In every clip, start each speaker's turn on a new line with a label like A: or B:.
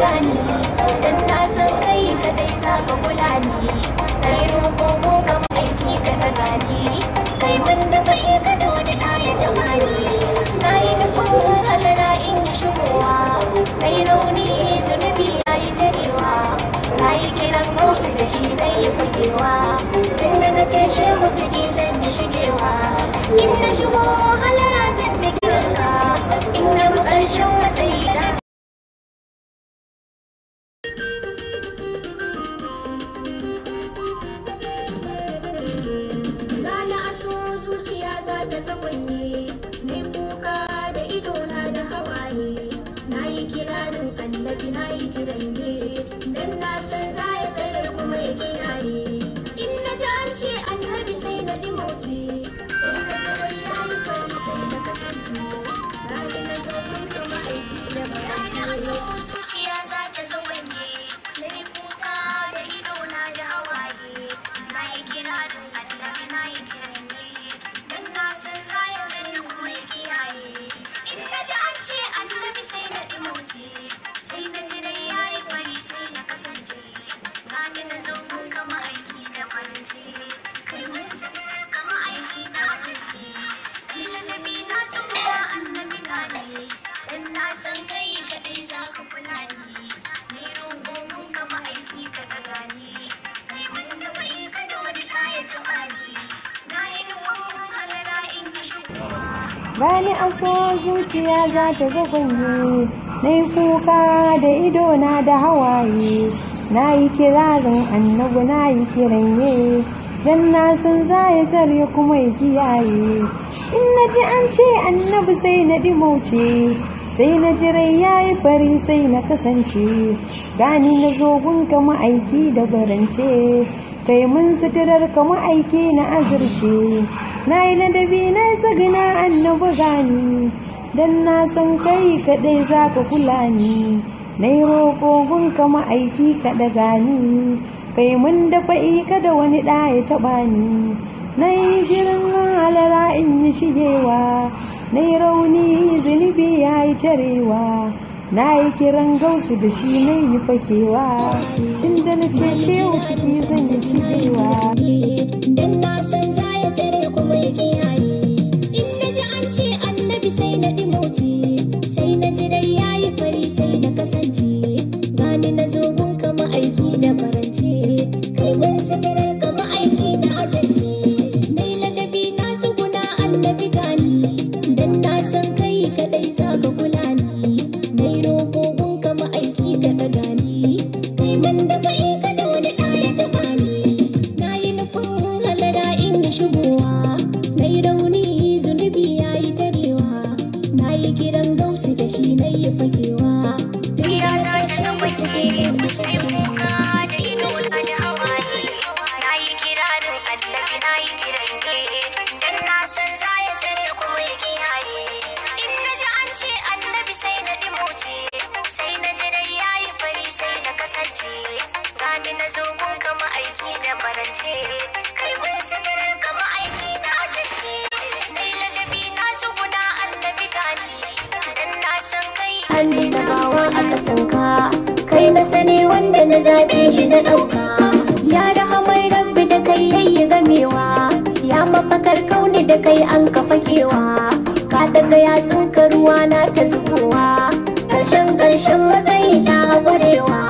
A: gane dan na san kai kadai za ka kula ni kai roƙo ko aiki ka daga ni kai wanda bai ka da wani ya taba ni na yi nufin halara in yi shigowa kai rauni zunubi ya yi tarewa na yi kiran mausu da shi na yi fagewa tun da na ce shehu ciki zan yi shigewa in na shigowa bani aso zuciya za ta zagonye na yi kuka da idona da hawaye na yi kirarin annabu na yi kiranye don na san za ya tsare kuma ya kiyaye in na ji an ce annabi sai na ɗi mauce, sai na jirai ya yi fari sai na kasance gani na zo ka ma'aiki da barance kai mun suturar ka ma'aiki na azurce na yi ladabi na sagina annabu gani don na san kai kaɗai za ka kula ni na yi roƙo ka ma'aiki ka daga ni kai mun dafa ika da wani ɗa ya taɓa ni na yi shirin halara in yi shigewa na yi rauni zunubi ya yi tarewa na yi kiran gausu da shi na yi fakewa tun da na ce shehu ciki zan yi shigewa dan na san zaya sai kuma ya wanda na zaɓe shi na ɗauka ya rahamar rabbi da kai yayi gamewa ya mafakar kauni da kai an kafa kewa. ka daga yatsun ka ruwa na ta zubowa ƙarshen ƙarshen mazai na gwarewa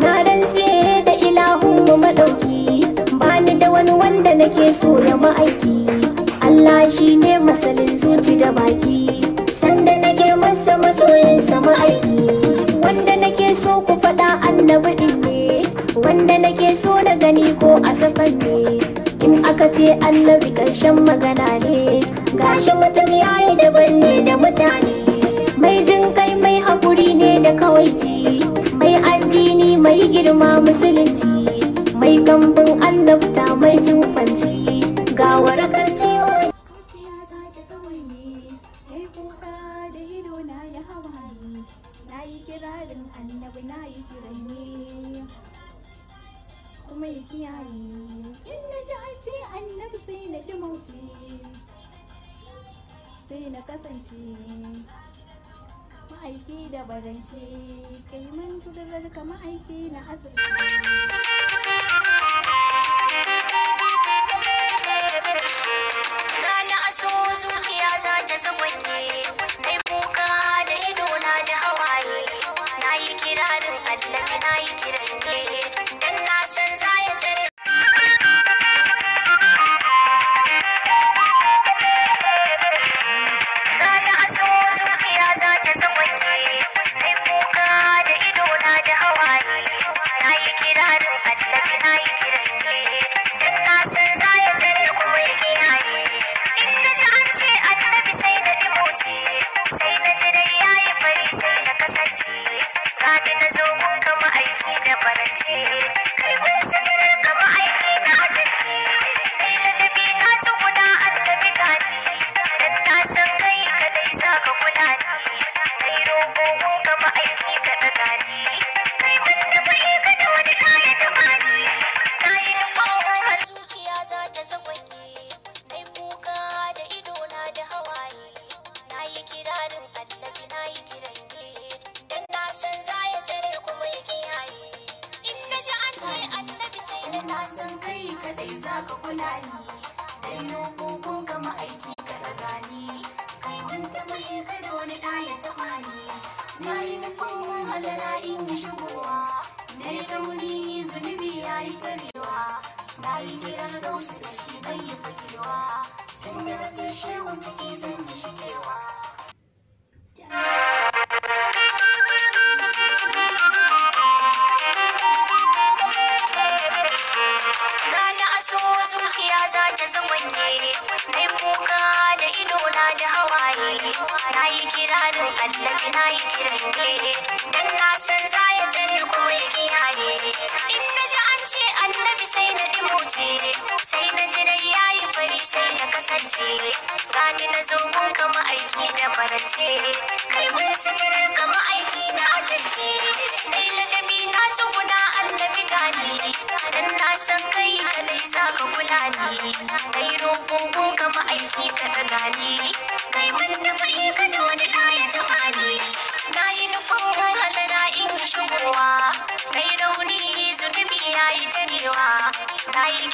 A: na rantse da ilahun mu maɗauki bani da wani wanda nake so ya ma'aiki Allah shi ne masalin zuci da baki sanda nake masa sama ma'aiki wanda nake so ku faɗa na annabin ne wanda nake so na gani ko a safar ne in aka ce annabi ƙarshen magana ne gashi mutum yayi daban ne da mutane mai jin kai mai haƙuri ne da kawaici mai addini mai girma musulunci mai kambun annabta mai sufanci kirarin annabi na yi kiranye kuma ya kiyaye in na ji hace annabi sai na ɗi mauti sai na kasance ma'aiki da barance kai man kudurar ka ma'aiki na azurfa na yi kiran dare dan na san za ya sani ko ya kiyaye in na ji an ce annabi sai na dimoce sai na ji dai yayi fari sai na kasance gani na zo mun ka ma'aiki da barance kai mun sanar ka ma'aiki na asirce dai ladabi na tsuguna annabi gani dan na san kai ka zai sa ka kula ni kai roƙon ka ma'aiki ka daga ni kai mun nufi ka da wani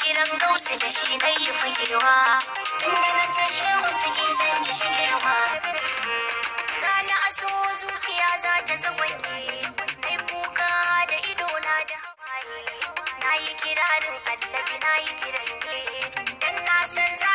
A: gidan gausa da shi na yi fakewa inda na tashe ciki zan yi shi girma rana aso zuciya za ta zagwanye nai kuka da ido na da hawaye na yi kirarin annabi na yi kiran dan na san za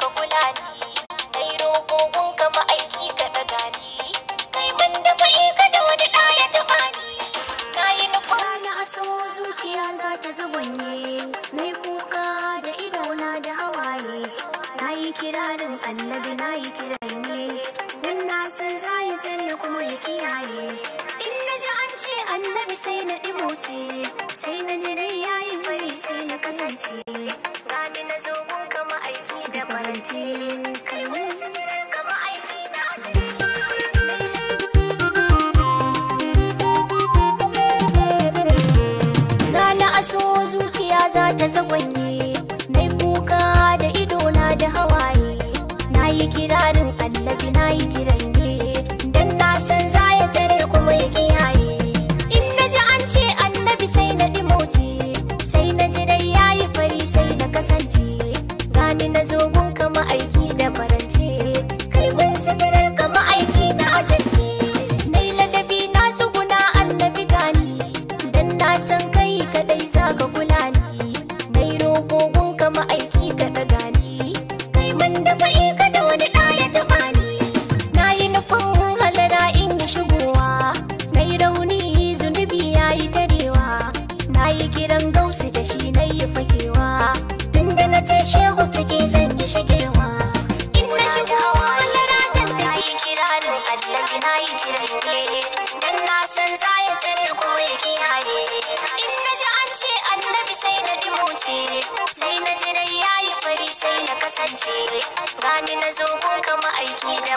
A: ka kula ni na yi ka ma'aiki ka daga ni kai ban da fa'i ka da wani ɗa ya taɓa ni na yi nufin na aso zuciya za ta zagwanye na kuka da idona da hawaye na yi kirarin annabi na yi kiran ne dan na san za ya kuma ya kiyaye in na ji an ce annabi sai na ce.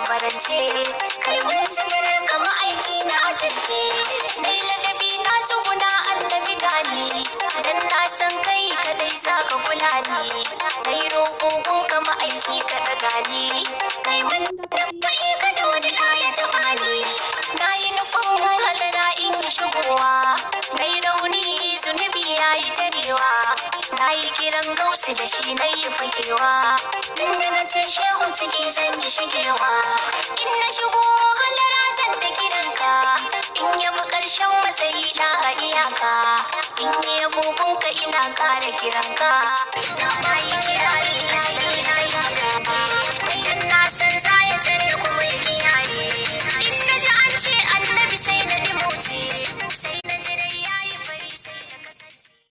A: barance kai mun sanar ka ma'aiki na azance ni ladabi na tsuguna an tafi gani dan na san kai ka zai sa ka kula ni kai roƙoƙon ka ma'aiki ka daga ni kai mun dabbai ka dodi ɗaya ta bani na yi nufin halara in yi shigowa kai rauni zunubi ya yi tarewa na yi kiran gausa da shi na yi fakewa zancen shehu ciki zan yi shigewa in na shigo halara zan ta kiranka in ya fi ƙarshen matsayi na a iyaka in ya gogonka ina ƙara kiranka